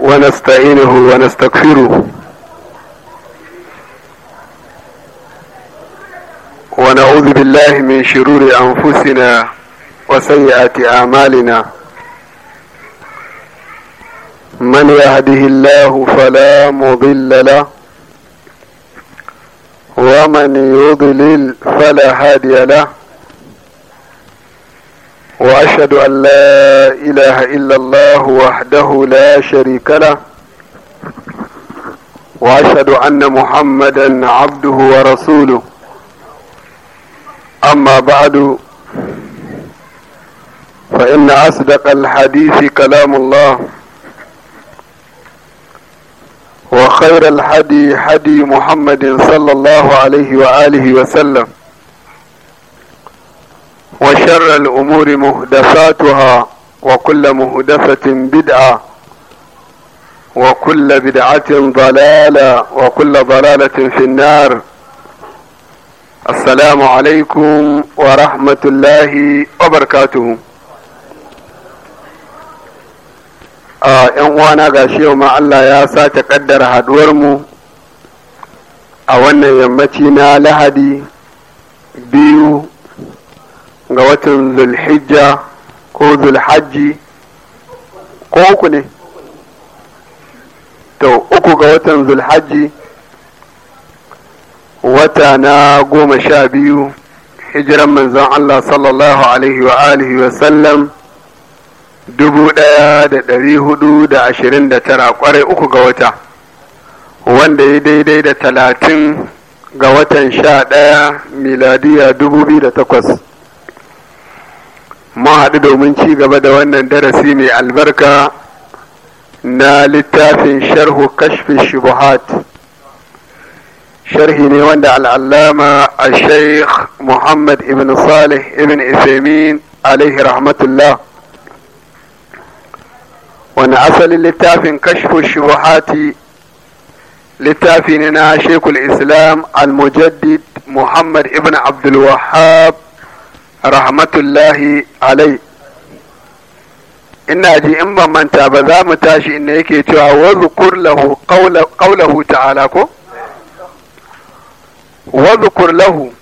ونستعينه ونستغفره ونعوذ بالله من شرور أنفسنا وسيئات أعمالنا من يهده الله فلا مضل له ومن يضلل فلا هادي له واشهد ان لا اله الا الله وحده لا شريك له واشهد ان محمدا عبده ورسوله اما بعد فان اصدق الحديث كلام الله وخير الحدي حدي محمد صلى الله عليه واله وسلم وشر الأمور مهدساتها وكل مهدسة بدعة وكل بدعة ضلالة وكل ضلالة في النار السلام عليكم ورحمة الله وبركاته ‘yan uwana ga shi yau ma Allah ya sake kaddara haduwarmu a wannan yammaci na lahadi biyu ga watan zulhijja ko zulhajji ko uku ne to uku ga watan zulhajji wata na goma sha biyu hijiran manzon Allah sallallahu alaihi wa alihi wa sallam dubu ɗaya da ɗari hudu da ashirin da tara kwarai uku ga wata wanda ya daidai da talatin ga watan sha ɗaya miladiya dubu biyu da takwas mun haɗu domin ci gaba da wannan darasi mai albarka na littafin sharhu kashfi shubuhat sharhi ne wanda al'allama a sheikh muhammad ibn salih ibn isamin alaihi rahmatullah wani asalin littafin kashfi shubuhati littafi ne na shekul islam al-mujaddid muhammad ibn abdul wahab rahmatullahi alai ina ji in ban manta ba za mu tashi inda yake cewa wazukur lahu qawlahu ta'ala ko wazukur lahu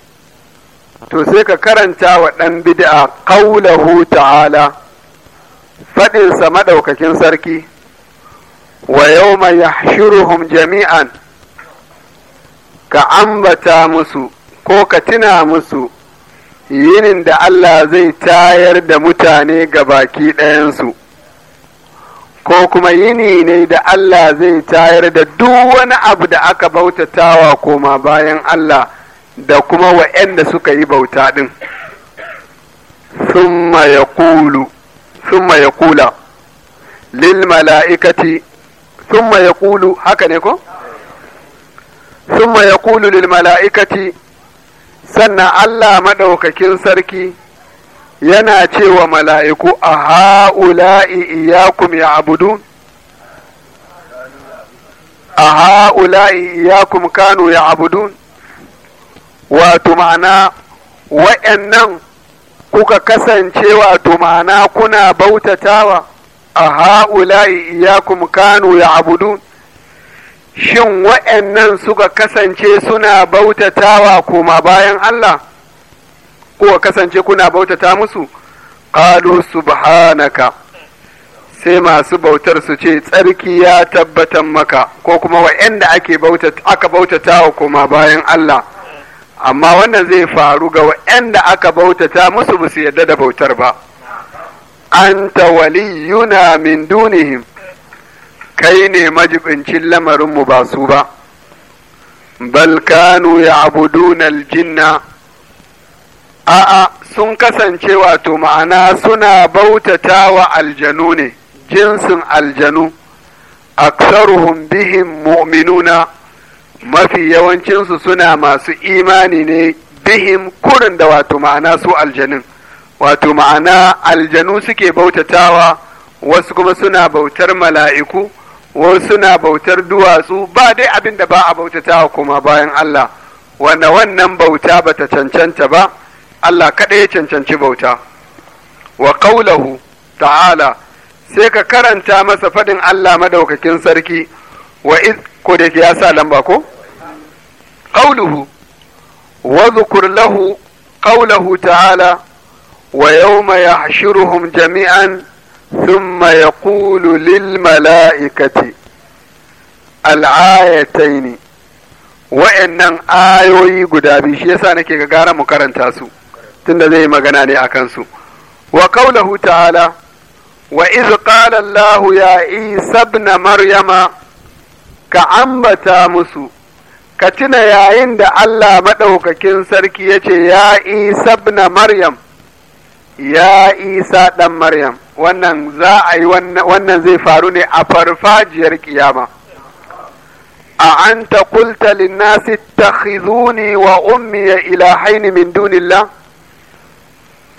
to sai ka karanta wa ɗan bid'a qawlahu ta'ala sa maɗaukakin sarki wa yawma yahshuruhum jami'an ka ambata musu ko ka tuna musu yinin da Allah zai tayar da mutane ga baki ɗayansu, ko kuma yini ne da Allah zai tayar da duk wani abu da aka bautatawa koma bayan Allah da kuma wa'yanda suka yi bauta ɗin. Summa ya kula, lil mala'ikati, summa ya kulu, haka ne ko? Summa ya kulu lil mala'ikati. sannan Allah maɗaukakin sarki yana cewa mala'iku a ha'ula'i iyakum ya abudu? a ha'ula'i iyakum kanu ya abudu? wato ma'ana wa'yannan kuka kasance wato ma'ana kuna bautatawa a ha'ula'i iyakum kanu ya abudun shin wa'yannan suka kasance suna bautatawa koma bayan Allah, ko kasance kuna bautata musu, ƙalu subhanaka sai masu bautar su ce tsarki ya tabbatan maka, ko kuma wa'yanda da aka bautatawa koma bayan Allah, amma wannan zai faru ga wa'yanda aka bautata musu ba su yarda da bautar ba. Anta waliyuna min dunihim. kai ne majibincin lamarinmu ba su ba bal ya ya'buduna aljinna a'a sun kasance wato ma'ana suna bautata wa aljanu ne jinsin aljanu aksaruhum bihim mu'minuna mafi yawancinsu suna masu imani ne bihim kurin da wato ma'ana su aljanin wato ma'ana aljanu suke bautatawa wasu kuma suna bautar mala'iku wasu suna bautar duwatsu ba dai abin da ba a bautata kuma bayan Allah wanda wannan bauta ba ta cancanta ba Allah kaɗai ya cancanci bauta wa ƙaulahu ta'ala sai ka karanta masa faɗin Allah madaukakin sarki wa iz ko da ya sa lamba ko qawluhu wa zukur lahu ƙaulahu ta'ala wa yawma yahshuruhum jami'an Sun ثم يقول للملائكة الآيتين wa'annan ayoyi guda biyu shi yasa nake ga gara mu karanta su tunda zai yi magana ne akan su wa qaulahu ta'ala wa iz qala Allah ya Isa ibn Maryama ka ambata musu ka tuna yayin da Allah madaukakin sarki yace ya Isa ibn Maryam ya Isa dan Maryam wannan za a yi wannan zai faru ne a farfajiyar kiyama a an ta kulta linnasi takhizuni wa ummiya ilahaini min dunillah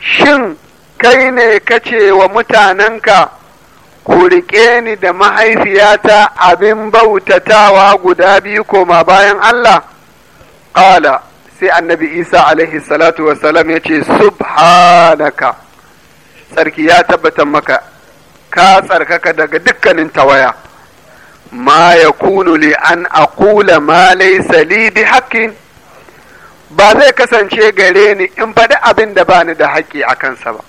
shin kai ne kace wa mutanenka ku riƙe ni da mahaifiyata abin bautatawa guda biyu koma bayan Allah ƙala sai annabi isa alaihi salatu wasalam ya ce subhanaka tsarki ya tabbatar maka ka tsarkaka daga dukkanin tawaya ma ya kunu li an aqula ma laysa li bi haqqin ba zai kasance gare ni in faɗi abin da bani da haƙƙi a kansa ba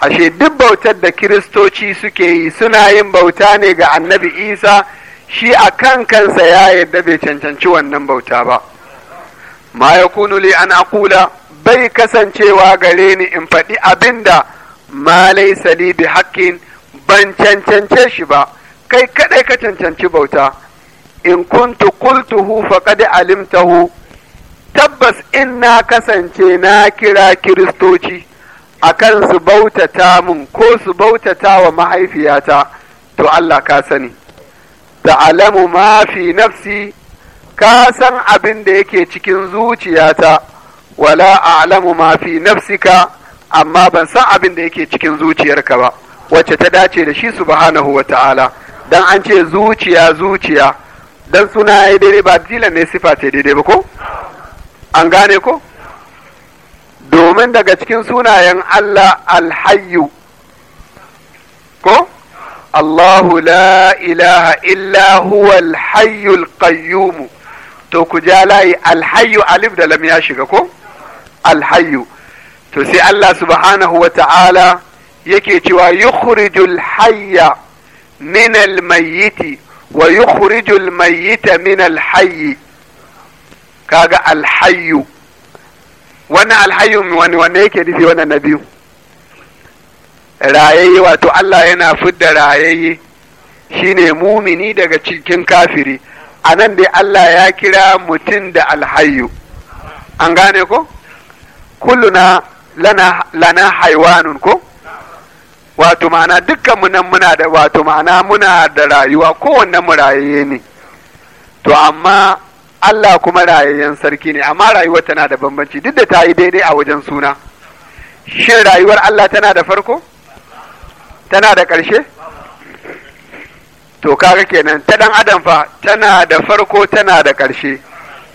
ashe duk bautar da kiristoci suke yi suna yin bauta ne ga annabi isa shi a kan kansa ya yadda bai cancanci wannan bauta ba ma ya kunu li an aqula bai kasancewa gare ni in faɗi abin da ma laisa li bi haqqin ban cancance shi ba kai kadai ka cancanci bauta in kuntu qultuhu faqad alimtahu tabbas in na kasance na kira kiristoci akan su bautata mun ko su bautata wa mahaifiyata to Allah ka sani ta'alamu ma fi nafsi ka san abin da yake cikin zuciyata wala a'lamu ma fi nafsika amma ban san abin da yake cikin zuciyarka ba wacce ta dace da shi subhanahu wa ta'ala dan an ce zuciya zuciya dan suna ya daidai ba dila ne sifa ce daidai ba ko an gane ko domin daga cikin sunayen Allah alhayyu ko Allahu la ilaha illa huwa alhayyul qayyum to ku ja layi alhayyu alif da lam ya shiga ko alhayyu to sai Allah subhanahu wa ta'ala yake cewa yukhrijul hayya min almayyiti wa yukhrijul mayyita min alhayyi kaga alhayyu wannan alhayyu wani wanne yake nufi wannan na biyu rayayye wato Allah yana fidda rayayi shine mumini daga cikin kafiri a nan dai Allah ya kira mutum da alhayyu an gane ko kulluna lana lana haiwanun ko wato ma'ana dukkan mu nan muna da wato ma'ana muna da rayuwa kowanne mu rayaye ne to amma Allah kuma rayayyen sarki ne amma rayuwar tana da bambanci duk da ta yi daidai a wajen suna shin rayuwar Allah tana da farko tana da ƙarshe to kaga kenan ta dan adam fa tana da farko tana da ƙarshe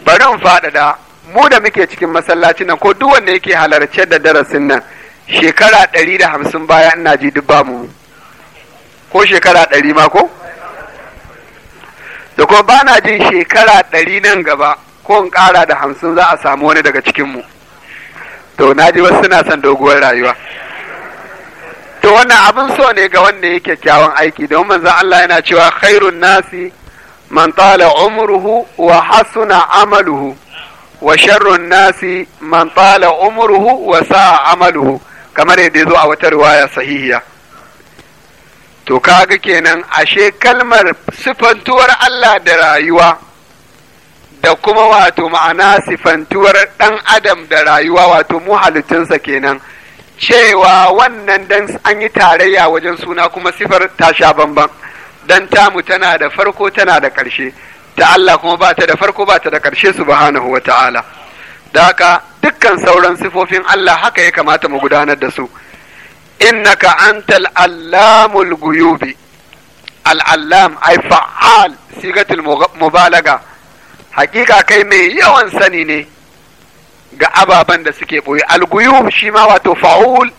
bari in faɗaɗa mu da muke cikin masallaci nan ko duk wanda yake halarce da darasin nan shekara ɗari da hamsin baya ina ji duk ba mu ko shekara ɗari ma ko da kuma bana jin shekara ɗari nan gaba ko in ƙara da hamsin za a samu wani daga cikin mu to na ji wasu suna son doguwar rayuwa to wannan abin so ne ga wanda yake kyakkyawan aiki don manzan Allah yana cewa khairun nasi man tala umruhu wa hasuna amaluhu wa sharrun nasi man tsala umruhu wa sa amaluhu kamar yadda zo a wata riwaya sahihiya to kaga kenan ashe kalmar sifantuwar Allah da rayuwa da kuma wato ma'ana sifantuwar ɗan adam da rayuwa wato mu kenan cewa wannan dan an yi tarayya wajen suna kuma sifar ta sha bamban dan tamu tana da farko tana da ƙarshe ta Allah kuma ba ta da farko ba ta da ƙarshe subhanahu wa ta'ala da haka dukkan sauran sifofin Allah haka ya kamata mu gudanar da su innaka antal allamul guyubi al'allam ai fa'al sigatul mubalaga hakika kai mai yawan sani ne ga ababen da suke ɓoye al shi ma wato fa'ul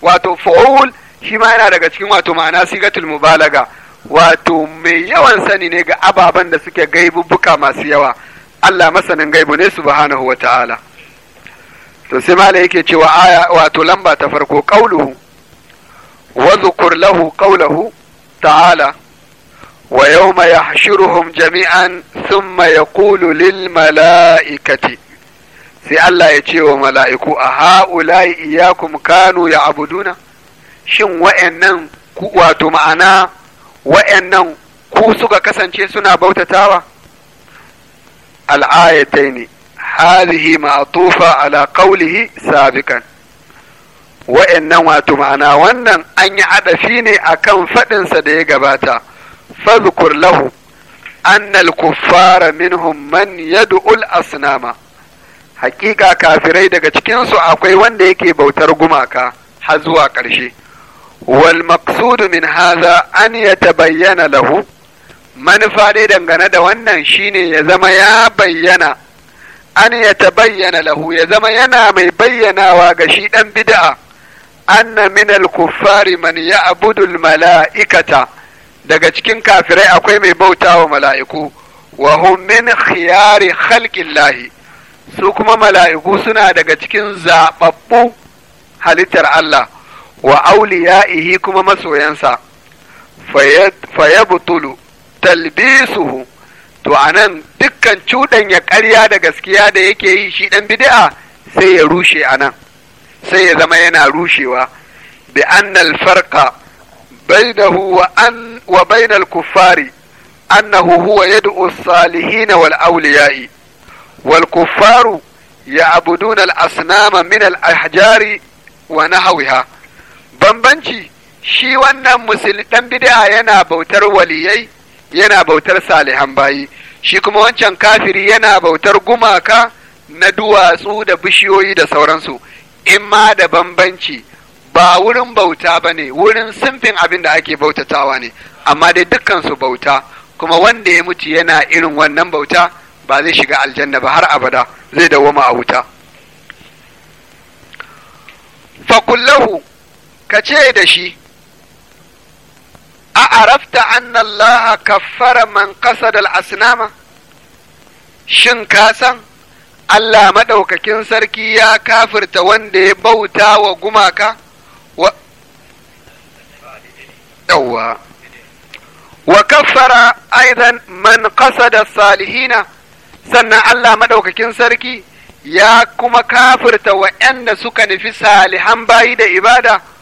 wato fa'ul shi yana daga cikin wato ma'ana sigatul mubalaga wato mai yawan sani ne ga ababen da suke gaibubuka masu yawa Allah masanin gaibu ne subhanahu wa ta'ala to sai mala yake cewa aya wato lamba ta farko qauluhu wa zukur lahu qawluhu ta'ala wa yawma yahshuruhum jami'an thumma yaqulu lil mala'ikati sai Allah ya ce wa mala'iku a ha'ula'i iyakum kanu ya abuduna shin wa'yannan wato ma'ana Wa'yannan ku suka kasance suna bautatawa al'ayataini hadhihi ma'tufa ala qawlihi sabiqan wa'annan wato ma'ana wannan an yi adafi ne akan fadin sa da ya gabata fadhkur lahu anna al-kuffara minhum man yad'u al-asnama hakika kafirai daga cikinsu akwai wanda yake bautar gumaka har zuwa ƙarshe والمقصود من هذا أن يتبين له manufa dai dangane da wannan shine ya zama ya bayyana an ya tabayyana lahu ya zama yana mai bayyanawa ga shi ɗan bid'a anna min al-kuffari man ya'budu malaikata daga cikin kafirai akwai mai bautawa mala'iku wa hum min khiyari khalqillahi su kuma mala'iku suna daga cikin zababbu halittar Allah wa auliya'ihi kuma masoyansa fayabtulu talbisuhu to anan dukkan ya karya da gaskiya da yake yi shi ɗan bid'a sai ya rushe anan sai ya zama yana rushewa bi annal farqa bainahu wa an wa bainal kuffari annahu huwa yad'u as-salihin wal awliya'i wal kuffaru ya'buduna al-asnama min al-ahjari wa nahwiha bambanci shi wannan musulmi dan bid'a yana bautar waliyai yana bautar salihan bayi shi kuma wancan kafiri yana bautar gumaka na duwatsu da bishiyoyi da sauransu in ma da bambanci ba wurin bauta ba ne wurin simfin abin da ake bautatawa ne amma dai su bauta kuma wanda ya mutu yana irin wannan bauta ba zai shiga aljanna ba har abada zai dawoma a wuta fakullahu ka ce da shi a arafta anna allaha kaffara man qasada al-asnama shin ka san Allah maɗaukakin sarki ya kafirta wanda ya bauta wa gumaka wa wa kaffara aizan man ƙasa da salihina sannan Allah maɗaukakin sarki ya kuma kafirta wa 'yan da suka nufi salihan bayi da ibada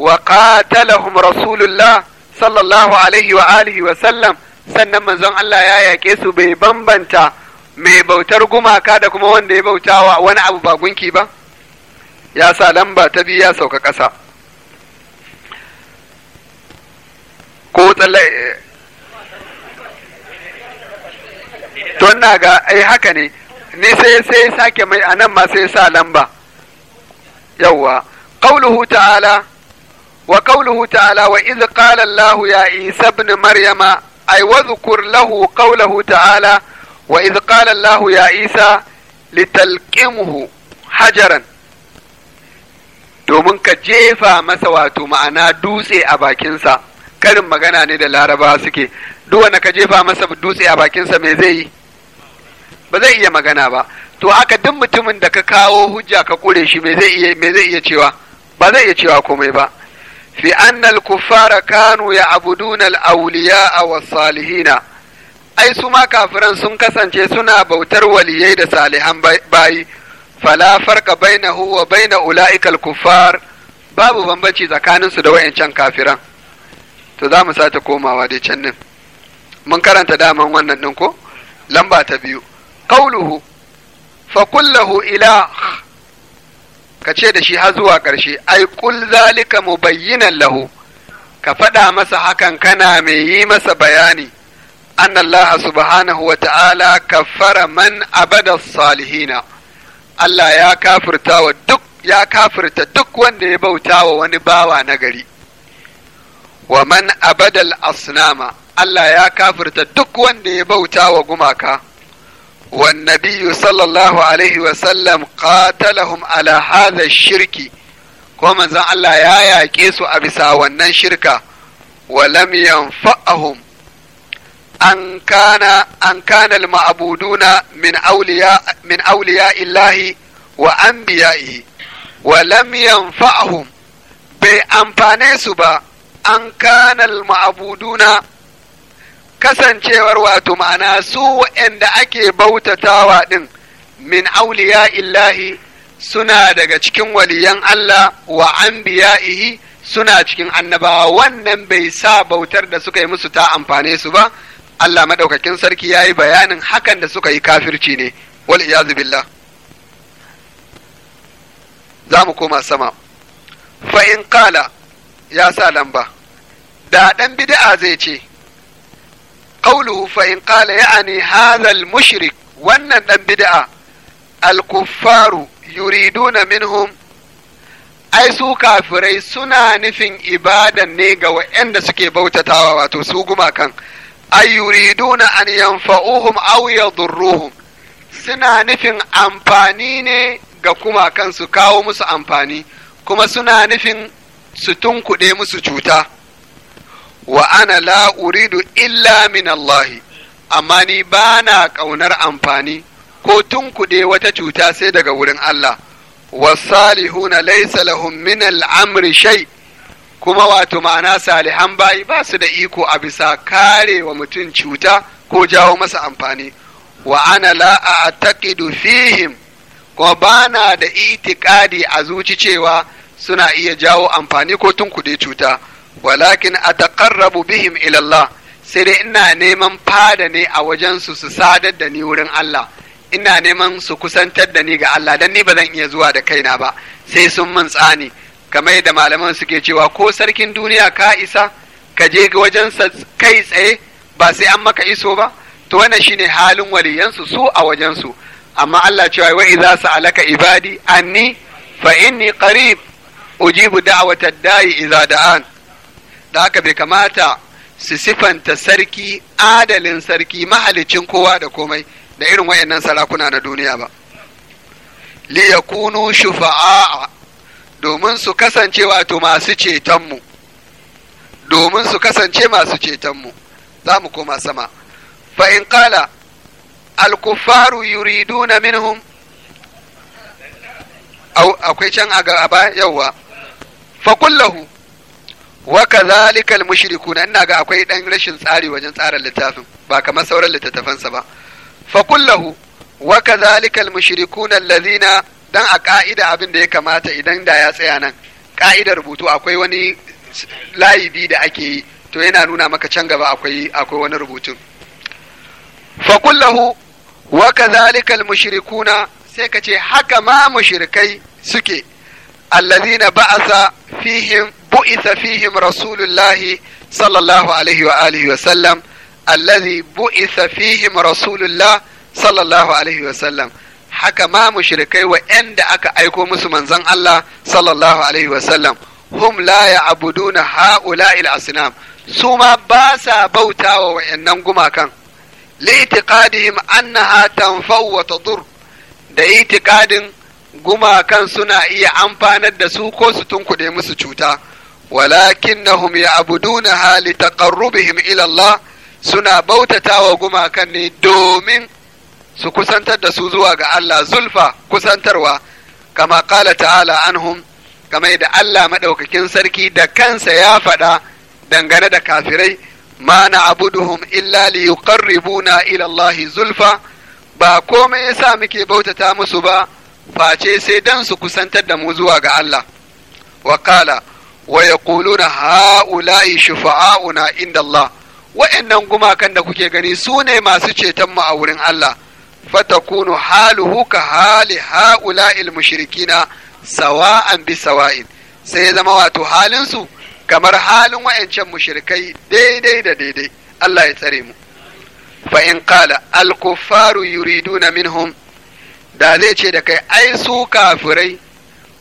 wa qatalahum rasulullah sallallahu alaihi wa alihi wa sallam sannan manzon Allah ya yake su bai bambanta mai bautar gumaka da kuma wanda ya bauta wani abu ba gunki ba ya sa lamba ta biyu ya sauka ƙasa ko tsalle to ina ga ai haka ne ni sai sai sake mai anan ma sai sa lamba yawwa qauluhu ta'ala wa qawluhu ta'ala wa idh qala Allah ya Isa ibn Maryama ay wadhkur lahu qawluhu ta'ala wa idh qala Allah ya Isa litalqimhu hajaran domin ka jefa masa wato ma'ana dutse a bakinsa karin magana ne da laraba suke duk wanda ka jefa masa dutse a bakinsa me zai yi ba zai iya magana ba to haka duk mutumin da ka kawo hujja ka kure shi me zai iya me zai iya cewa ba zai iya cewa komai ba لأن الكفار كانوا يعبدون الأولياء والصالحين ai su ma kafiran sun kasance suna bautar waliyai da salihan bayi fala farka bainahu wa baina ula'ikal kuffar babu bambanci tsakanin da wayancan kafiran to za mu sake komawa dai can mun karanta daman wannan din lamba ta biyu ka ce da shi har zuwa ƙarshe ai kul zalika mubayyinan lahu ka faɗa masa hakan kana mai yi masa bayani Anallaha Allah subhanahu wa ta’ala kafara man abada salihina Allah ya kafirta wa duk ya kafirta wanda ya bauta wa wani bawa na gari wa man abada al’asnama Allah ya kafurta duk wanda ya bauta wa gumaka والنبي صلى الله عليه وسلم قاتلهم على هذا الشرك ومن زعل الله يا يا كيسو أبسا ونن شركة ولم ينفعهم أن كان أن كان المعبودون من أولياء من أولياء الله وأنبيائه ولم ينفعهم بأنفانيسبا أن كان المعبودون kasancewar wato ma'ana su waɗanda ake bautatawa ɗin min auliya illahi suna daga cikin waliyan Allah wa anbiya'ihi suna cikin annabawa wannan bai sa bautar da suka yi musu ta amfane su ba Allah madaukakin sarki ya yi bayanin hakan da suka yi kafirci ne wal iyazu billah za mu koma sama fa in qala ya sa lamba da ɗan bida'a zai ce قوله فإن قال يعني هذا المشرك وأن بدعة الكفار يريدون منهم ai su kafirai suna nufin ibadan ne ga waɗanda suke bautatawa wato su gumakan ay yuriduna an yanfa'uhum aw yadurruhum suna nufin amfani ne ga gumakan su kawo musu amfani kuma suna nufin su tunkuɗe musu cuta wa ana la uridu illa min Allah amma ni ba na ƙaunar amfani ko tunkuɗe wata cuta sai daga wurin Allah wasalihuna laysa lahum min al'amri shai, kuma wato ma'ana salihan bayi ba su da iko a bisa kare wa mutum cuta ko jawo masa amfani wa ana la a'taqidu fihim kuma ba na da itikadi a zuci cewa suna iya jawo amfani ko tunkuɗe cuta walakin ataqarrabu bihim ilallah sai dai ina neman fada ne a wajen su su sadar da ni wurin Allah ina neman su kusantar da ni ga Allah dan ni ba zan iya zuwa da kaina ba sai sun mun tsani kamar yadda malaman suke cewa ko sarkin duniya ka isa ka je ga sa kai tsaye ba sai an maka iso ba to wannan shine halin waliyansu su a wajensu amma Allah cewa wa idza sa'alaka ibadi anni fa inni qarib ujibu da'watad da'i idza da'an da haka bai kamata su sifanta sarki adalin sarki mahalicin kowa da komai da irin wayannan sarakuna na duniya ba li yakunu shufa'a domin su kasance wato masu cetonmu domin su kasance masu cetonmu za mu koma sama fa in qala al kuffaru yuriduna minhum akwai can a gaba yawwa fa kullahu wa kadhalika mushriku mushrikuna ina ga akwai ɗan rashin tsari wajen tsara littafin ba kamar sauran littattafansa ba fa kullahu wa kadhalika mushriku mushrikuna alladhina dan a ka'ida abin da ya kamata idan da ya tsaya nan ka'idar rubutu akwai wani layibi da ake yi to yana nuna maka can gaba akwai akwai wani rubutun fa kullahu wa mushriku mushrikuna sai ka ce haka ma mushrikai suke allazina ba'asa fihim bu'itha fihim rasulullahi sallallahu alaihi wa alihi wa sallam alladhi bu'itha fihim rasulullah sallallahu alaihi wa sallam haka ma mushrikai wa'anda aka aiko musu manzon Allah sallallahu alaihi wa sallam hum la ya'buduna ha'ula'il asnam su ma ba sa bautawa wa'annan gumakan li'tiqadihim annaha tanfa'u da itikadin gumakan suna iya amfanar da su ko su tunkuɗe musu cuta walakinnahum ya'budunaha litaqarrubihim ila Allah suna bautatawa gumakan ne domin su kusantar da su zuwa ga Allah zulfa kusantarwa kama qala ta'ala anhum kamar da Allah madaukakin sarki da kansa ya faɗa dangane da kafirai ma na'buduhum illa liyuqarribuna ila Allah zulfa ba komai yasa muke bautata musu ba face sai dan su kusantar da mu zuwa ga Allah wa qala wa yaquluna haula'i shufa'auna inda Allah wa'annan gumakan da kuke gani su ne masu ceton mu a wurin Allah fatakunu haluhu ka hali haula'il mushrikina sawa'an bi sawa'in sai ya zama wato halinsu. kamar halin wa'ancan mushrikai daidai da daidai Allah ya tsare mu fa in qala al kuffaru da zai ce da kai ai su kafirai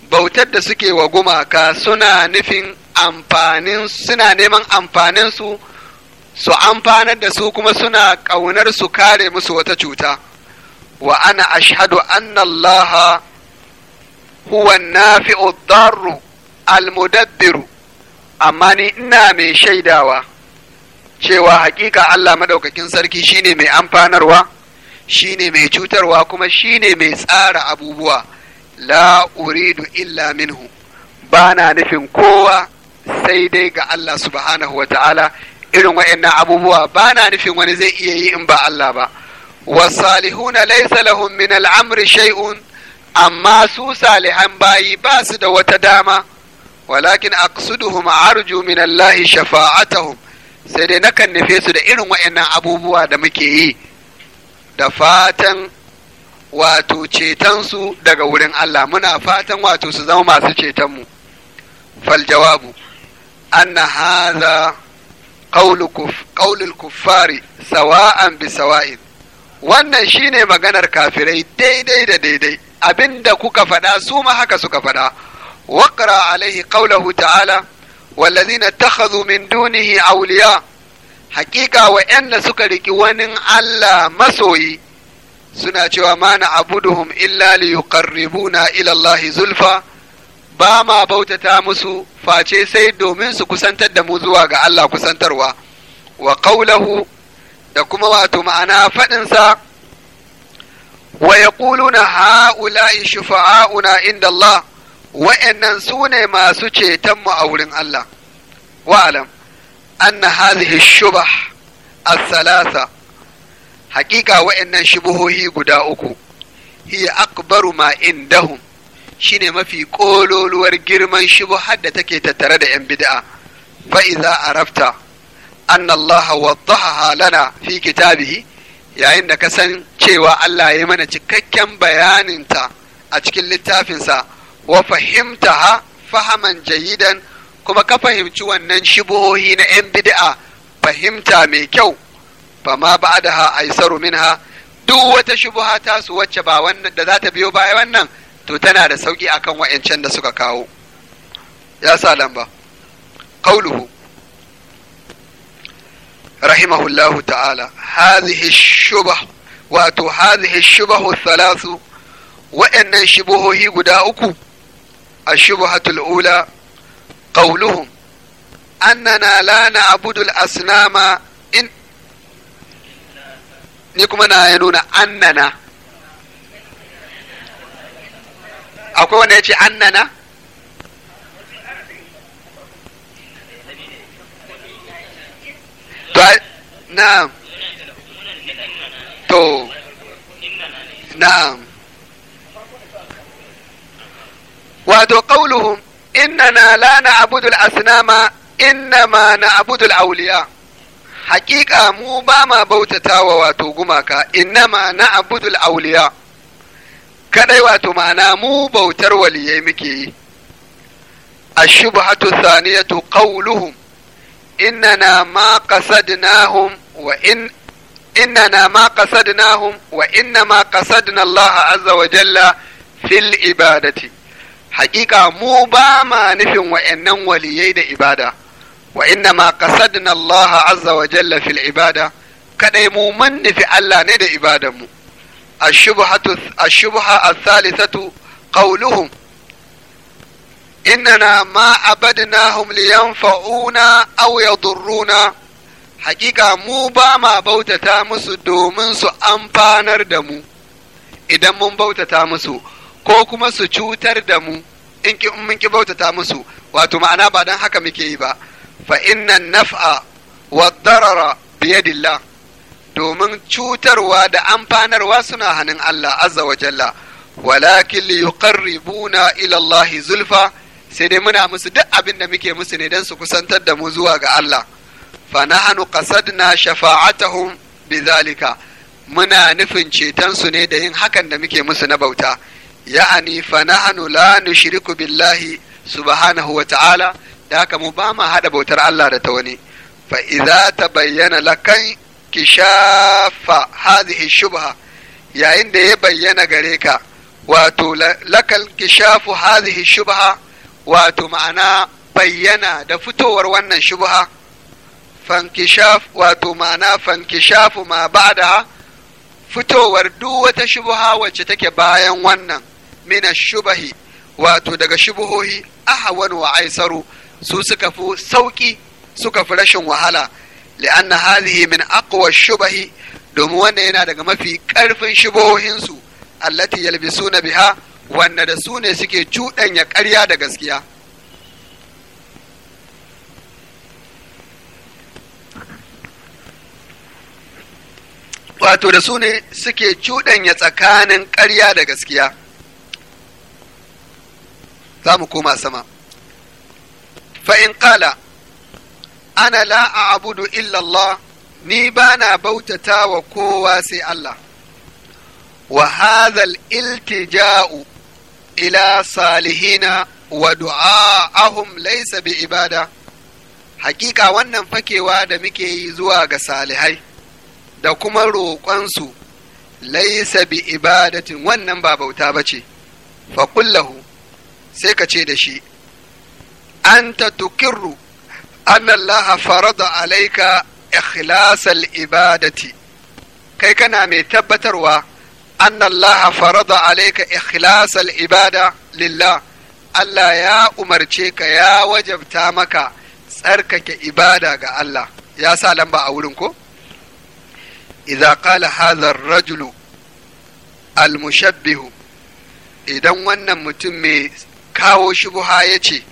bautar da suke wa gumaka suna nufin amfanin suna neman amfanin su amfanar da su kuma suna ƙaunar su kare musu wata cuta wa ana ashhadu anna allaha huwa nafi'u darru almudabbiru amma ni ina mai shaidawa cewa hakika Allah madaukakin sarki shine mai amfanarwa shine mai cutarwa kuma shine mai tsara abubuwa la uridu illa minhu ba na nufin kowa sai dai ga Allah subhanahu wa ta'ala irin wa'annan abubuwa ba na nufin wani zai iya yi in ba Allah ba wasalihuna laysa lahum min al'amri shai'un, amma su salihan bayi ba su da wata dama walakin aqsuduhum arju min Allah shafa'atahum sai dai nakan nufe su da irin wa'annan abubuwa da muke yi da fatan wato cetonsu daga wurin Allah muna fatan wato su zama masu cetonmu fal jawabu anna haza qaulul kuffari sawa'an bi sawa'in wannan shine maganar kafirai daidai da daidai abinda kuka faɗa su ma haka suka faɗa waqra alaihi ƙaulahu ta'ala wallazina takhadhu min dunihi awliya haƙiƙa wa'anda suka riki wani Allah masoyi suna cewa ma na abuduhum illa li yuqarribuna ila Allah zulfa ba ma bautata musu face sai domin su kusantar da mu zuwa ga Allah kusantarwa wa qawluhu da kuma wato ma'ana faɗinsa wa yaquluna ha'ula'i shufa'auna inda Allah wa'annan sune masu ceton mu a wurin Allah wa'alam anna hadhihi shubah a salasa haƙiƙa wa'annan shubuhohi guda uku hiya akbaru ma indahum shine mafi ƙololuwar girman shubuhar da take tattare da 'yan bid'a fa a arafta anna Allah waddaha lana fi kitabihi yayin da ka san cewa Allah ya yi mana cikakken bayaninta a cikin littafinsa wa fahimtaha fahaman jayidan kuma ka fahimci wannan shubuhohi na 'yan bid'a fahimta mai kyau fama ba'daha aisaru ha duk wata shubha ta su wacce ba wannan da za ta biyo baya wannan to tana da sauki akan wa'ancan da suka kawo ya sa lamba qauluhu rahimahullahu ta'ala hadhihi shubha wato hadhihi shubhu thalathu wa'annan shubuhohi guda uku ashubhatul ula qawluhum أننا لا نعبد الأصنام إن ni kuma na ya nuna annana akwai wanda ya ce annana to na'am to na'am wato qauluhum innana la na'budu al-asnama innama na'budu al-awliya' haƙiƙa mu ba ma bautata wa wato gumaka innama na abudul auliya kadai wato ma'ana mu bautar waliyai muke yi ashubhatu saniyatu qawluhum innana ma qasadnahum wa in innana ma qasadnahum wa innama qasadna Allah azza wa jalla fil ibadati haƙiƙa mu ba ma nufin wa'annan waliyai da ibada wa inna ma qasadna Allah azza wa fil ibada Kaɗai mu mun nufi Allah ne da ibadan mu ashubhatu ashubha ath-thalithatu qawluhum إننا ما عبدناهم لينفعونا أو يضرونا hakika mu ba ma bautata musu domin su amfanar da mu idan mun bautata musu ko kuma su cutar da mu in mun ki bautata musu wato ma'ana ba dan haka muke yi ba فإن naf'a والضرر بيد الله domin cutarwa da amfanarwa suna hannun Allah azza wa jalla walakin li yuqarribuna ila Allah zulfa sai dai muna musu duk abin da muke musu ne dan su kusantar da mu zuwa ga Allah fa nahnu qasadna shafa'atahum bidhalika muna nufin ceton su ne da yin hakan da muke musu na bauta ya'ani fa nahnu la nushriku billahi subhanahu wa ta'ala da haka mu ba ma haɗa bautar Allah da ta wani fa idza tabayyana lakan kishafa hadhihi shubha yayin da ya bayyana gare ka wato lakal kishafu hadhihi shubha wato ma'ana bayyana da fitowar wannan shubha fankishaf wato ma'ana fankishafu ma ba'da fitowar duk wata shubha wacce take bayan wannan mina shubahi wato daga shubuhohi ahwanu wa aisaru su suka fi sauƙi suka fi rashin wahala li'anna hadhihi min aqwa shubahi domin wannan yana daga mafi ƙarfin shubohinsu allati yalbisuna biha wanda da su ne suke cuɗanya ƙarya da gaskiya wato da su ne suke cuɗanya tsakanin ƙarya da gaskiya za mu koma sama fa'in ƙala, ana a abudu illallah, ni ba na bautata wa kowa sai Allah. Wa hadhal iltija'u ila salihina wa du'a'ahum laysa bi ibada. Hakika wannan fakewa da muke yi zuwa ga salihai, da kuma roƙonsu laisa bi ibadatin wannan ba bauta ba ce, faƙullahu sai ka ce da shi, أنت تقر أن الله فرض عليك إخلاص العبادة كي كان متبتروا أن الله فرض عليك إخلاص العبادة لله Allah ya umarce ka ya wajabta maka tsarkake ibada ga Allah ya sa lamba a wurin ko? Iza qala hadha rajulu al idan wannan mutum mai kawo shubuha ya ce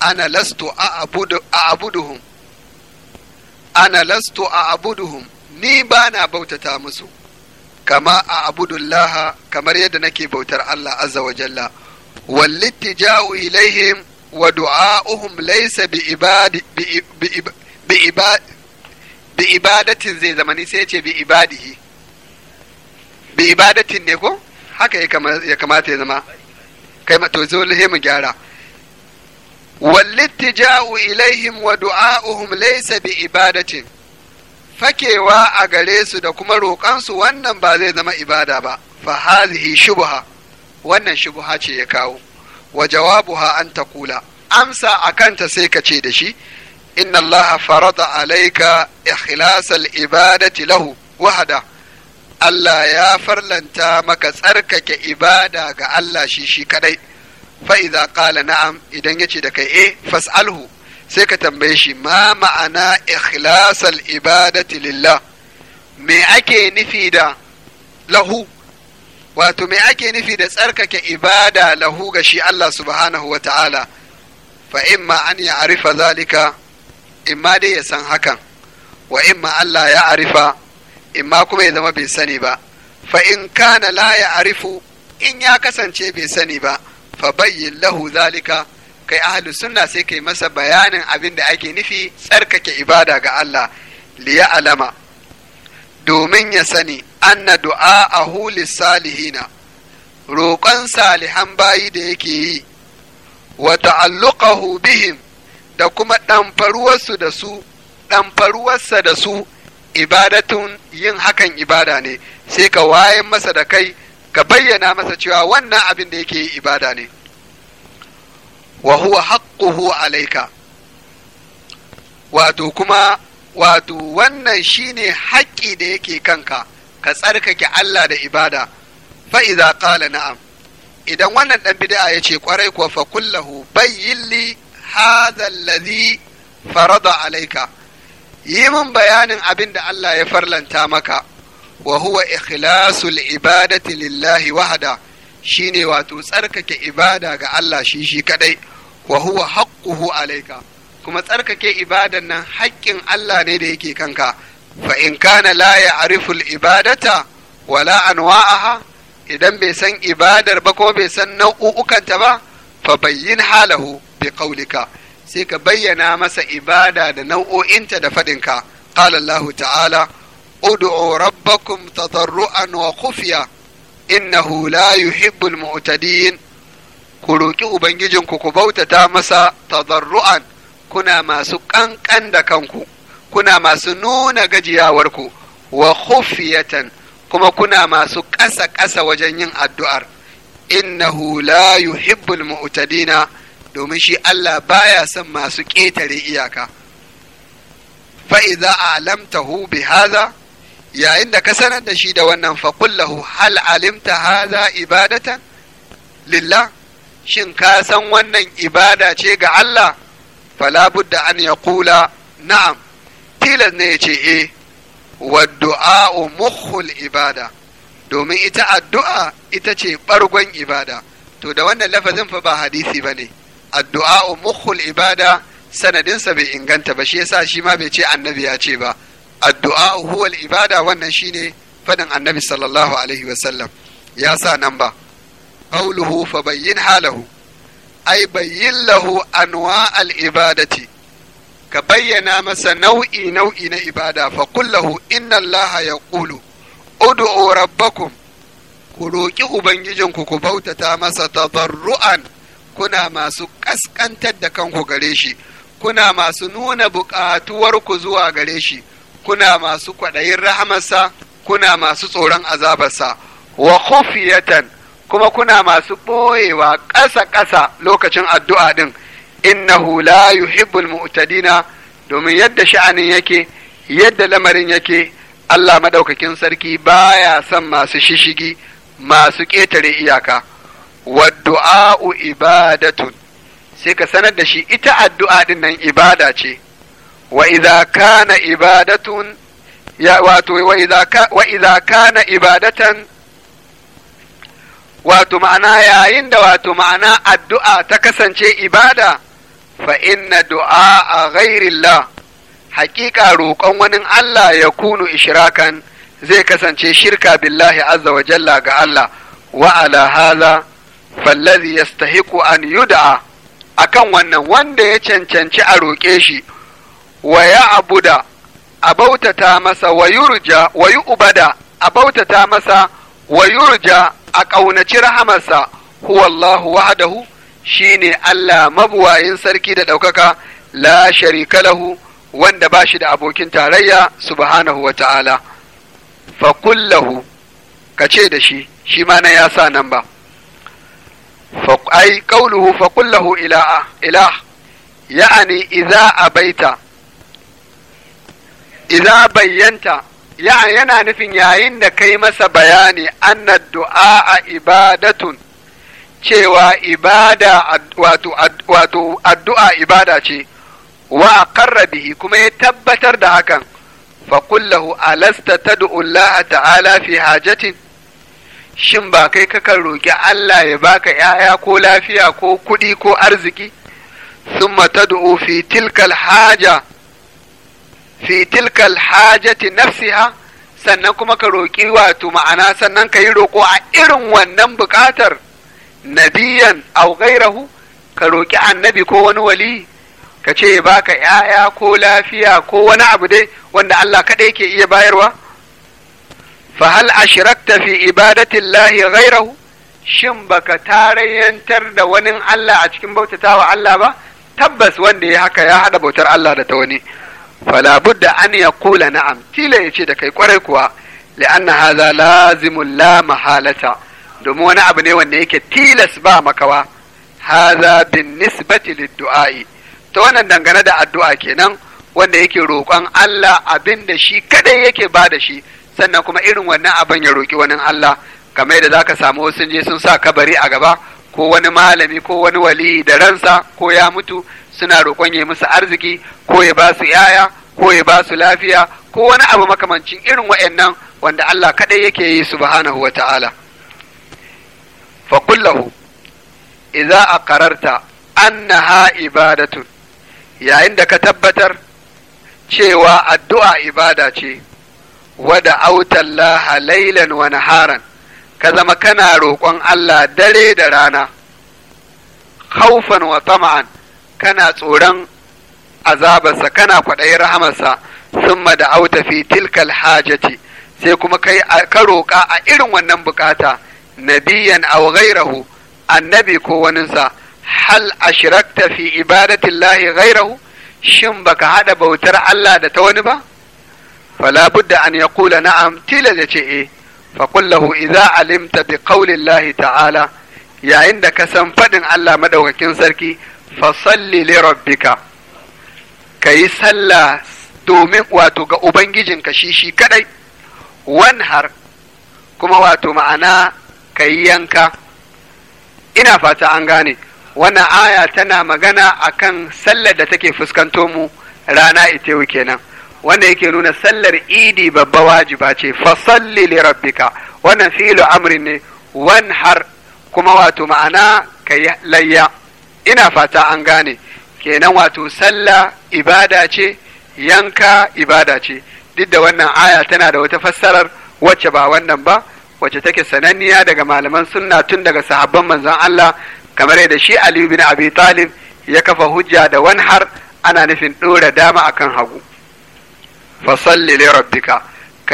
ana lasto a abuduhum ana lasto a abuduhum ni ba na bautata musu kama a abudullaha kamar yadda nake bautar Allah azza wa jalla walittija'u ilaihim wa du'a'uhum laysa bi ibadi bi ibadatin zai zamani sai ce bi ibadihi bi ibadatin ne ko haka ya kamata ya zama kai to zo mu gyara walittija'u ilaihim wa du'a'uhum laysa bi ibadatin fakewa a gare su da kuma roƙansu wannan ba zai zama ibada ba fa hadhihi shubha wannan shubha ce ya kawo wa jawabuha an taqula amsa kanta sai ka ce da shi inna allaha farada alayka ikhlasal ibadati lahu Wahada. Allah ya farlanta maka tsarkake ibada ga Allah shi shi kadai fa idza na'am idan yace da kai e fas'alhu sai ka tambaye shi ma ma'ana ikhlasal ibadati lillah me ake nufi da lahu wato me ake nufi da tsarkake ibada lahu ga shi Allah subhanahu ta'ala fa imma an ya arifa zalika imma dai ya san hakan wa imma Allah ya arifa imma kuma ya zama bai sani ba fa in kana la ya arifu in ya kasance bai sani ba fa bayyin lahu zalika kai ahlu sunna sai kai masa bayanin abin da ake nufi tsarkake ibada ga Allah liya alama domin ya sani anna du'a a hulis salihina roƙon salihan bayi da yake yi wa ta'alluqahu bihim da kuma ɗamfaruwarsu da su ɗamfaruwarsa da su ibadatun yin hakan ibada ne sai ka waye masa da kai ka bayyana masa cewa wannan abin da yake yi ibada ne wa huwa haqquhu alayka wato kuma wato wannan shine haƙƙi da yake kanka ka tsarkake Allah da ibada fa idza qala na'am idan wannan dan bid'a yace kwarai kuwa fa kullahu bayyin li hadha alladhi farada alayka yi min bayanin abin da Allah ya farlanta maka wa huwa ikhlasul ibadati lillahi wahda shine wato tsarkake ibada ga Allah shi shi kadai wa huwa haqquhu alayka kuma tsarkake ibadan nan haƙƙin Allah ne da yake kanka fa in kana la ya'rifu ibadata wala anwa'aha idan bai san ibadar ba ko bai san nau'ukanta ba fa bayyin halahu bi qaulika sai ka bayyana masa ibada da nau'o'inta da faɗinka qala Allah ta'ala ادعوا ربكم تضرعا وخفيا إنه لا يحب المعتدين كروكي أبنجيجن كوكوبوتا تامسا تضرعا كنا ما سكان كندا كنكو كنا ما سنون جيا وركو وخفية كما كنا ما سكاسا كاسا وجنين الدعار إنه لا يحب المعتدين domin shi Allah baya son masu ƙetare iyaka. Fa'iza a alamtahu bi haza yayin da ka sanar da shi da wannan fakullahu hal alimta haza ibadatan lillah shin ka san wannan ibada ce ga Allah fala budda an ya kula na'am tilas ne ya ce e wa du'a mukhul ibada domin ita addu'a ita ce ɓargon ibada to da wannan lafazin fa ba hadisi bane addu'a'u mukhul ibada sanadinsa bai inganta ba shi yasa shi ma bai ce annabi ya ce ba addu'a huwal ibada wannan shine fadin annabi sallallahu alaihi wasallam ya sa nan ba qawluhu fa bayyin halahu ay bayyin lahu anwa al ka bayyana masa nau'i nau'i na ibada fa kullahu inna laha yaqulu ud'u rabbakum ku roƙi ubangijinku ku bautata masa tabarru'an kuna masu ƙasƙantar da kanku gare shi kuna masu nuna buƙatuwarku zuwa gare shi kuna masu kwaɗayin rahamarsa kuna masu tsoron azabarsa wa khufiyatan kuma kuna masu ɓoyewa ƙasa-ƙasa lokacin addu'a ɗin innahu la yuhibbul mu'tadina domin yadda sha'anin yake yadda lamarin yake Allah madaukakin sarki baya son masu shishigi masu ƙetare iyaka wadda'a'u ibadatun sai ka sanar da shi ita addu'a ɗin nan ibada ce wa idza ibadatan yayin da wato ma'ana addu'a ta kasance ibada fa inna du'a a ghairillah haƙiƙa roƙon wani Allah ya kunu ishrakan zai kasance shirka billahi azza wa jalla ga Allah wa ala hadha fallazi an yud'a akan wannan wanda ya cancanci a roƙe shi wa ya'buda a bautata masa wa yurja wa yu'bada a bautata masa wa yurja a ƙaunaci rahamarsa huwallahu wahdahu shine Allah mabuwayin sarki da ɗaukaka la sharika lahu wanda ba shi da abokin tarayya subhanahu wa ta'ala fa kullahu ka ce da shi shi ma na ya sa nan ba ai ƙauluhu fa kullahu ila'a ila. ya'ani idza abaita Iza bayyanta ya yana nufin yayin da kai masa bayani anna du'a ibadatun cewa ibada wato addu'a ibada ce wa aqarra bihi kuma ya tabbatar da hakan fa kullahu alasta tad'u Allah ta'ala fi hajatin shin ba kai kakan roki Allah ya baka yaya ko lafiya ko kuɗi ko arziki summa tad'u fi tilkal haja fi tilkal hajati nafsiha sannan kuma ka roƙi wato ma'ana sannan ka yi roƙo a irin wannan buƙatar nabiyan au gairahu ka roƙi annabi ko wani wali ka ce ba ka ‘ya'ya ko lafiya ko wani abu dai wanda Allah kaɗai ke iya bayarwa? fahal ashirakta fi ibadatillahi gairahu shin baka tarayyantar da wani Allah a cikin bautatawa Allah ba tabbas wanda ya haka ya haɗa bautar Allah da ta wani. fala budda an kula na'am tila yace da kai kwarai kuwa li'anna haza lazimul la mahalata domin wani abu ne wanda yake tilas ba makawa hadha bin nisbati lid-du'a'i ta wannan dangane da addu'a kenan wanda yake roƙon Allah abinda shi kadai yake ba da shi sannan kuma irin wannan abin ya roƙi wani Allah kamar yadda zaka samu wasu je sun sa kabari a gaba ko wani malami ko wani wali da ransa ko ya mutu suna roƙon ya musu arziki ko ya ba su yaya ko ya ba su lafiya ko wani abu makamancin irin wa'annan wanda Allah kaɗai yake yi subhanahu wa ta'ala fa kullahu idza aqararta annaha ibadatun yayin da ka tabbatar cewa addu'a ibada ce wada autallaha lailan wa naharan ka zama kana roƙon Allah dare da rana haufan wa tama'an kana tsoron azabarsa kana kwaɗayin rahamarsa summa da auta fi tilkal hajati sai kuma kai ka roƙa a irin wannan bukata nabiyan aw ghairahu annabi ko waninsa hal ashrakta fi ibadatillahi ghairahu shin baka hada bautar Allah da ta wani ba fala budda an yaqula na'am tila ce eh فقل له إذا علمت بقول الله تعالى يا عندك سنفد الله مدوكين سركي فصل لربك كي صلى domin wato ga Ubangijinka shi shi kadai, wanhar wato ma'ana kayi yanka, ina fata an gane, wannan aya tana magana akan sallar da take fuskanto mu rana itewu kenan. wanda yake nuna sallar idi babba wajiba ce fasalli li rabbika wannan filo amri ne wan har kuma wato ma'ana ka layya ina fata an gane kenan wato sallah ibada ce yanka ibada ce duk da wannan aya tana da wata fassarar wacce ba wannan ba wacce take sananniya daga malaman sunna tun daga sahabban manzon Allah kamar yadda shi Ali bin Abi Talib ya kafa hujja da wan har ana nufin ɗora dama akan hagu fasalli li rabbika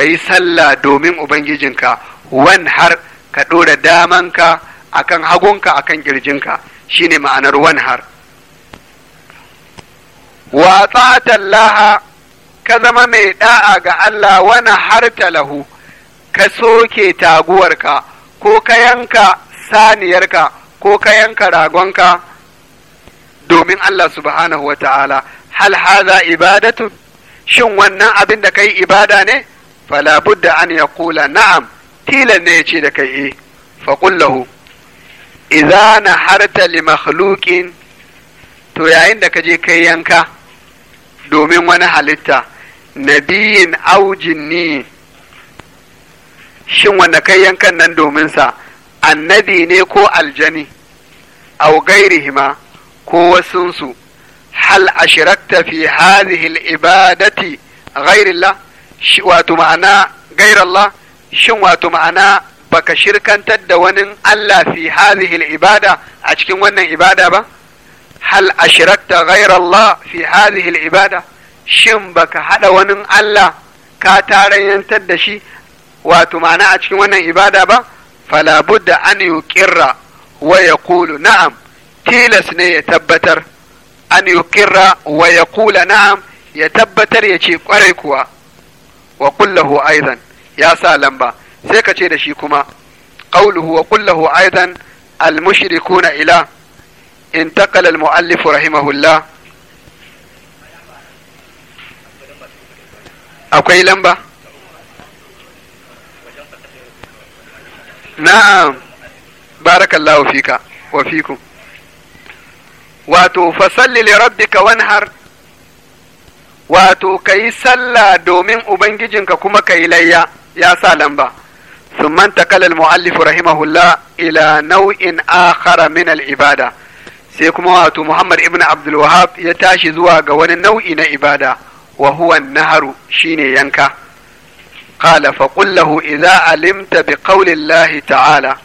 yi sallah domin ubangijinka wan har ka ɗora damanka akan hagunka akan shi shine ma'anar wan har Watsa ka zama mai da'a ga Allah wani har lahu ka soke taguwarka ko ka yanka saniyarka ko ka yanka ragonka domin Allah subhanahu wa ta'ala hal haza ibadatun shin wannan abin da kai ibada ne fala budda an yaqula na'am tilan ne yace da kai eh fa qul lahu idza naharta li makhluqin to yayin da kaje kai yanka domin wani halitta nabiyin aw jinni shin wanda kai yankan nan domin sa annabi ne ko aljani aw gairihima ko wasunsu hal ashrakta fi hadhihi al-ibadati ghairillah wato ma'ana gairallah shin wato ma'ana baka shirkantar da wani Allah fi hadhihi al-ibada a cikin wannan ibada ba hal ashrakta ghairallah fi hadhihi al-ibada shin baka haɗa wani Allah ka tarayantar da shi wato ma'ana a cikin wannan ibada ba fala budda an wa na'am tilas ne ya tabbatar an yukirra wa ya kula na'am ya tabbatar ya ce kwarai kuwa wa kullahu aizan ya sa lamba sai ka ce da shi kuma qawluhu wa kullahu aizan al-mushrikuna ila intaqala al-muallif rahimahullah akwai lamba na'am barakallahu fika wa fikum wato fasalli li rabbika wanhar wato ka yi sallah domin ubangijinka kuma ka yi layya ya sa lamba summan takalal mu'allifu rahimahullah ila nau'in akhara min al-ibada sai kuma wato Muhammad ibn Abdul Wahab ya tashi zuwa ga wani nau'i na ibada wa huwa naharu shine yanka qala fa qul lahu idza alimta bi qawli Allah ta'ala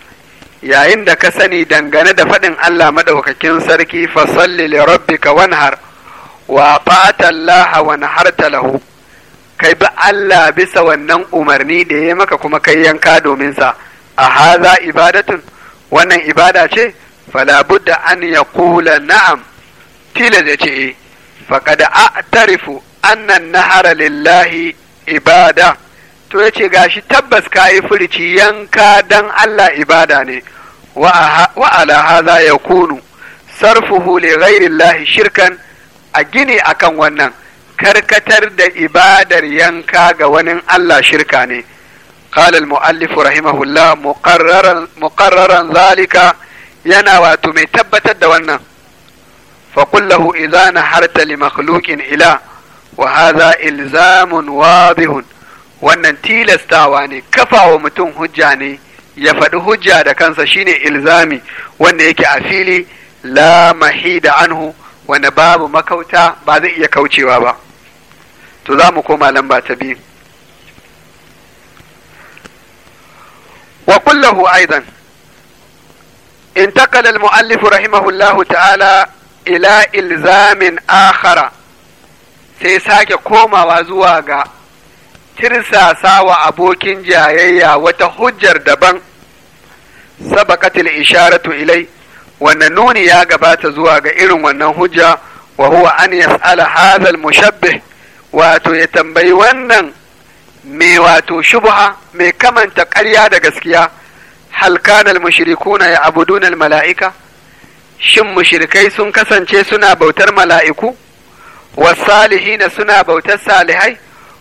yayin da ka sani dangane da faɗin Allah maɗaukakin sarki fasalli ka rabbika har, wa ta'ata wa naharta lahu kai bi Allah bisa wannan umarni da ya maka kuma kai yanka domin sa a haza ibadatun wannan ibada ce fala budda an yaqula na'am tila da ce eh, faqad a'tarifu anna an-nahara lillahi ibada to ya ce ga shi tabbas ka yi furici yanka dan Allah ibada ne wa ala haza ya kunu sarfuhu li Allah shirkan a gini akan wannan karkatar da ibadar yanka ga wani Allah shirka ne qala al-muallif rahimahullah muqarraran muqarraran zalika yana wato mai tabbatar da wannan harta li makhluqin ila wa hadha ilzamun wadihun wannan tilastawa ne kafawa mutum hujja ne ya faɗi hujja da kansa shine ilzami wanda yake a fili la mahida anhu wanda babu makauta ba zai iya kaucewa ba to za mu koma lamba ta biyu wa kullahu aidan mu'allifu rahimahullahu ta'ala ila ilzamin akhara sai sake komawa zuwa ga. tirsasa wa abokin jayayya wata hujjar daban sabaqatil isharatu ilai wannan nuni ya gabata zuwa ga irin wannan hujja wa huwa an yas'ala hadha al-mushabbih wato ya tambayi wannan mai wato shubha mai kamanta ƙarya da gaskiya hal kana al-mushrikuna ya'buduna al-mala'ika shin mushrikai sun kasance suna bautar mala'iku wa salihina suna bautar salihai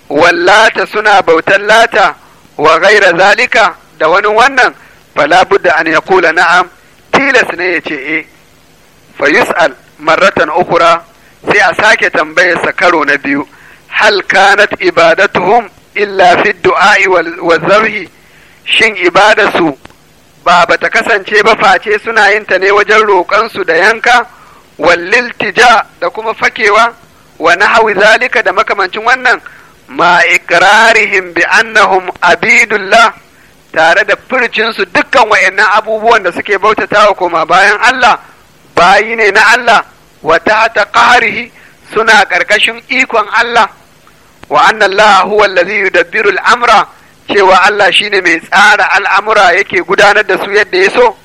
wallata suna bautan lata wa gaira zalika da wani wannan fala budda an yaqula na'am tilas ne ya ce eh fa yus'al marratan ukura sai a sake tambayarsa karo na biyu hal kanat ibadatuhum illa fi wa zarhi shin ibadarsu ba bata kasance ba face suna yin ta ne wajen roƙansu da yanka walliltija da kuma fakewa wa nahawi zalika da makamancin wannan ma ikrarihim bi annahum abidullah tare da furcinsu dukkan wa'annan abubuwan da suke bautatawa koma bayan Allah bayi ne na Allah wa ta qahrihi suna ƙarƙashin ikon Allah wa anna Allah huwa allazi yudabbiru al-amra cewa Allah shine mai tsara al'amura yake gudanar da su yadda ya so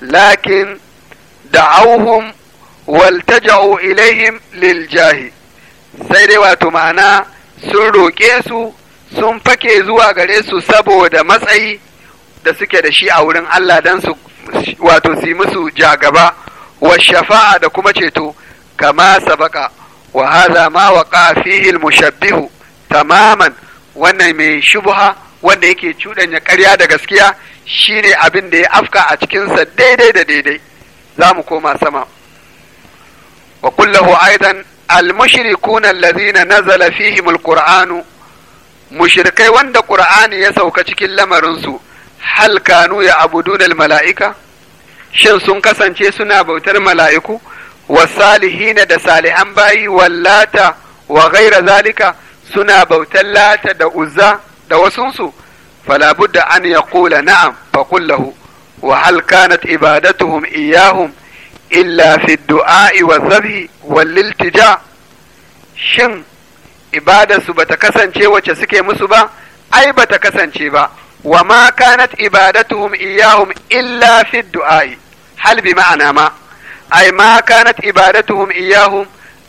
lakin da'awhum waltaja'u ilaihim lil jahi sai dai wato ma'ana sun roƙe su sun fake zuwa gare su saboda matsayi da suke da shi a wurin Allah don su wato su musu jagaba wa shafa'a da kuma ceto kama sabaka wa hadha ma waqa fihi al-mushabbihu tamaman wannan mai shubha wanda yake cuɗanya ƙarya da gaskiya shine abin da ya afka a cikin sa daidai da daidai zamu koma sama wa kullahu aidan lazina الذين نزل فيهم القرآن wanda وند ya sauka cikin lamarinsu hal kanu ya abudun mala'ika shin sun kasance suna bautar mala'iku wasalihina da salihan bayi ta wa gaira zalika suna bautar lata da uzza da wasunsu fala budda an yaqula na'am fa kullahu, lahu wa hal kanat ibadatuhum iyyahum illa fi du'a'i wa zabi wal iltija shin ibadarsu bata kasance wace suke musu ba ai bata kasance ba wa ma kanat ibadatuhum iyahum illa fi hal bi ma'ana ma ai ma kanat ibadatuhum iyahum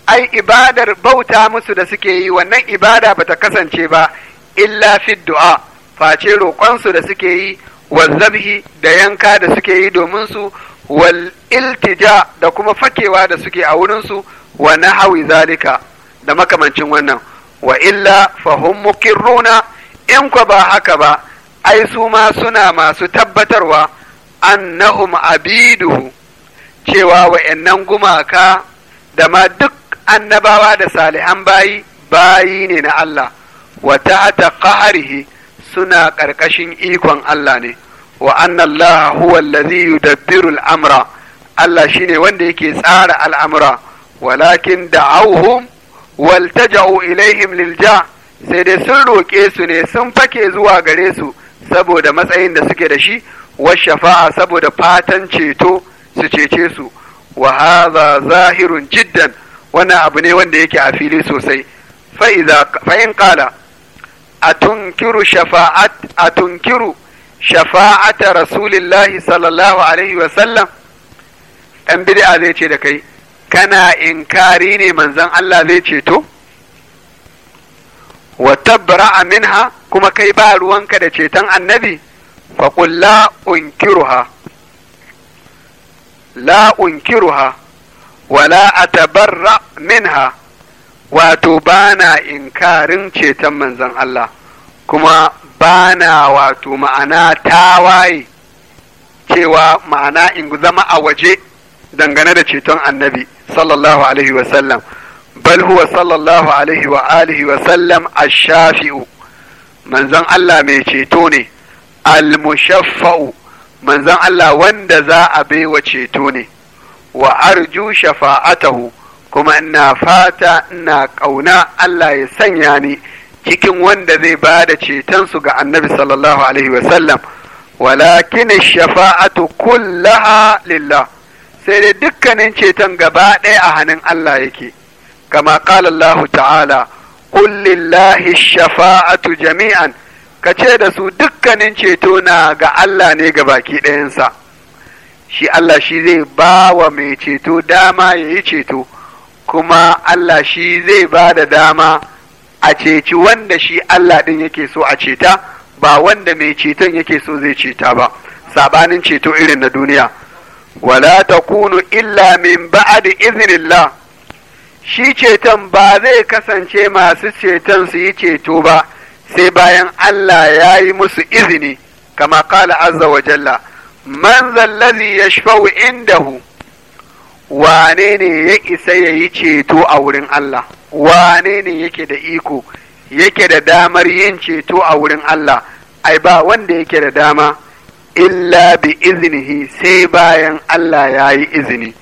ai ibadar bauta musu da suke yi wannan ibada bata kasance ba illa fi du'a face roƙonsu da suke yi wa zabhi da yanka da suke yi domin su wal iltija da kuma fakewa da suke a wurinsu wa nahawi zalika da makamancin wannan wa illa fahum mukirruna in kwa ba haka ba ai su ma suna masu tabbatarwa annahum abiduhu cewa wa'annan gumaka da ma duk annabawa da salihan bayi bayi ne na Allah wa ta suna ƙarƙashin ikon Allah ne wa anna Allah huwa allazi yudabbiru al'amra Allah shine wanda yake tsara al'amura walakin da'awhum waltaja'u ilaihim lilja sai dai sun roƙe su ne sun fake zuwa gare su saboda matsayin da suke da shi wa shafa'a saboda fatan ceto su cece su wa hadha jiddan wannan abu ne wanda yake a fili sosai fa in qala atunkiru shafa'at atunkiru shafa'ata rasulillahi sallallahu alaihi wasallam ɗan bid'a zai ce da kai kana inkari ne manzon Allah zai ceto wa tabra'a minha kuma kai ba ruwanka da ceton annabi fa qul la unkiruha la unkiruha wa la atabarra minha wato bana inkarin ceton manzon Allah kuma Bana wato ma'ana tawaye cewa ma'ana in zama a waje dangane da ceton annabi sallallahu alaihi wasallam bal huwa sallallahu alaihi wa alihi wasallam ash-shafi'u manzon Allah mai ceto ne al-mushaffa'u manzon Allah wanda za a baiwa ceto ne wa arju shafa'atahu kuma ina fata ina ƙauna Allah ya sanya ni cikin wanda zai ba da cetonsu ga annabi sallallahu alaihi wasallam walakin shafa'atu kullaha lillah sai dai dukkanin ceton gaba ɗaya a hannun Allah yake kama qala Allah ta'ala qul lillahi shafa'atu jami'an kace da su dukkanin ceto na ga Allah ne ga baki ɗayansa shi Allah shi zai ba wa mai ceto dama ya yi ceto kuma Allah shi zai ba da dama a ceci wanda shi Allah ɗin yake so a ceta ba wanda mai ceton yake so zai ceta ba sabanin ceto irin na duniya wala takunu illa min ba'di iznillah shi ceton ba zai kasance masu ceton su yi ceto ba sai bayan Allah ya yi musu izini kama kala azza wa jalla man zallazi yashfa'u indahu wane ne ya isa ya yi ceto a wurin Allah wane ne yake da iko yake da damar yin ceto a wurin Allah ai ba wanda yake da dama illa bi iznihi sai bayan Allah ya yi izini